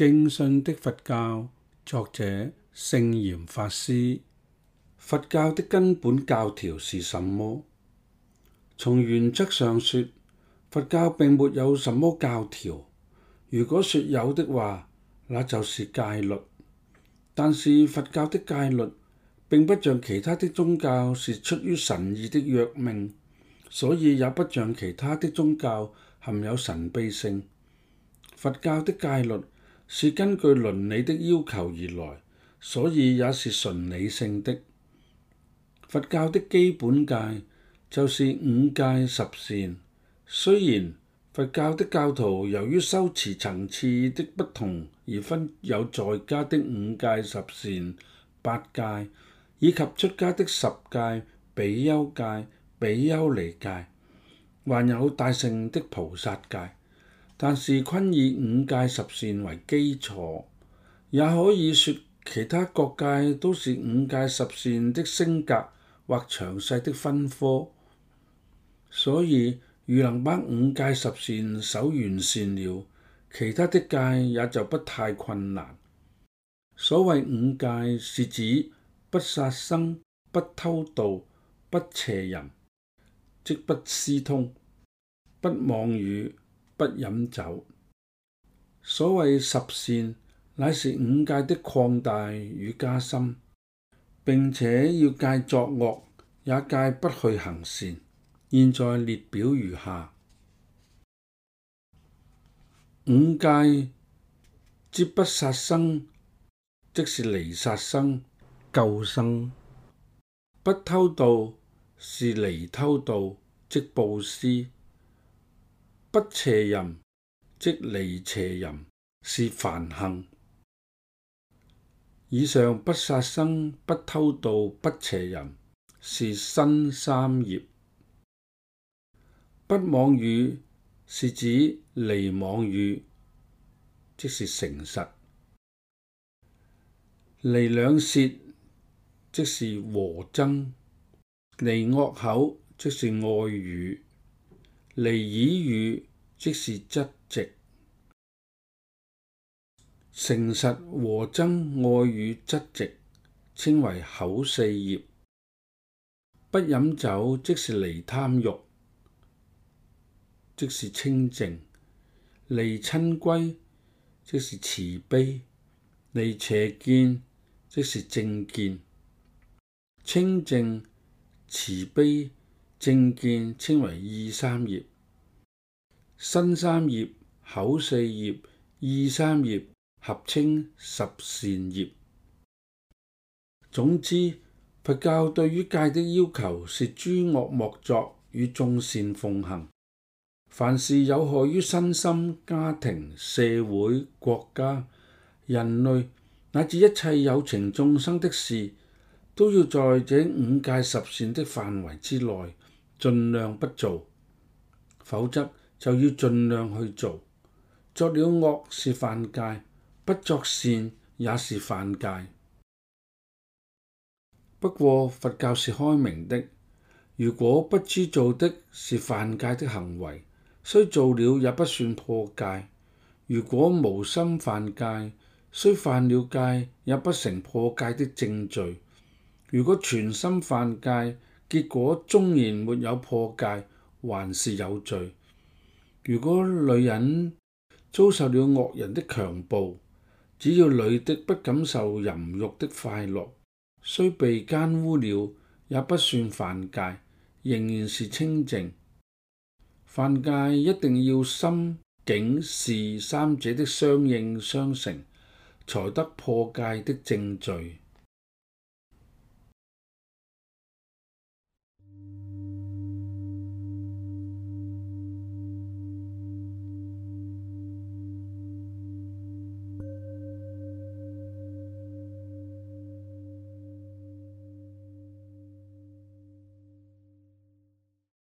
正信的佛教，作者聖嚴法師，佛教的根本教條是什麼？從原則上說，佛教並沒有什麼教條。如果說有的話，那就是戒律。但是佛教的戒律並不像其他的宗教是出於神意的約命，所以也不像其他的宗教含有神秘性。佛教的戒律。是根據倫理的要求而來，所以也是純理性的。佛教的基本戒就是五戒十善。雖然佛教的教徒由於修持層次的不同而分有在家的五戒十善、八戒，以及出家的十戒、比丘戒、比丘尼戒，還有大乘的菩薩戒。但是，坤以五界十善為基礎，也可以說其他各界都是五界十善的升格或詳細的分科。所以，如能把五界十善守完善了，其他的界也就不太困難。所謂五界，是指不殺生、不偷盜、不邪淫，即不私通、不妄語。不飲酒。所謂十善，乃是五戒的擴大與加深。並且要戒作惡，也戒不去行善。現在列表如下：五戒，即不殺生，即是離殺生、救生；不偷盜，是離偷盜，即布施。不邪淫，即離邪淫是梵行。以上不殺生、不偷盜、不邪淫是身三業。不妄語是指離妄語，即是誠實；離兩舌即是和爭；離惡口即是愛語。離耳語即是質直，誠實和真愛語質直，稱為口四業。不飲酒即是離貪欲，即是清淨。離親歸即是慈悲，離邪見即是正見。清淨慈悲。正見稱為意三業，身三業、口四業、意三業合稱十善業。總之，佛教對於戒的要求是諸惡莫作與眾善奉行。凡是有害於身心、家庭、社會、國家、人類乃至一切有情眾生的事，都要在這五戒十善的範圍之內盡量不做，否則就要盡量去做。作了惡是犯戒，不作善也是犯戒。不過佛教是開明的，如果不知做的是犯戒的行為，雖做了也不算破戒；如果無心犯戒，雖犯了戒也不成破戒的正罪；如果全心犯戒，結果縱然沒有破戒，還是有罪。如果女人遭受了惡人的強暴，只要女的不感受淫欲的快樂，雖被姦污了，也不算犯戒，仍然是清淨。犯戒一定要心、境、事三者的相應相成，才得破戒的證據。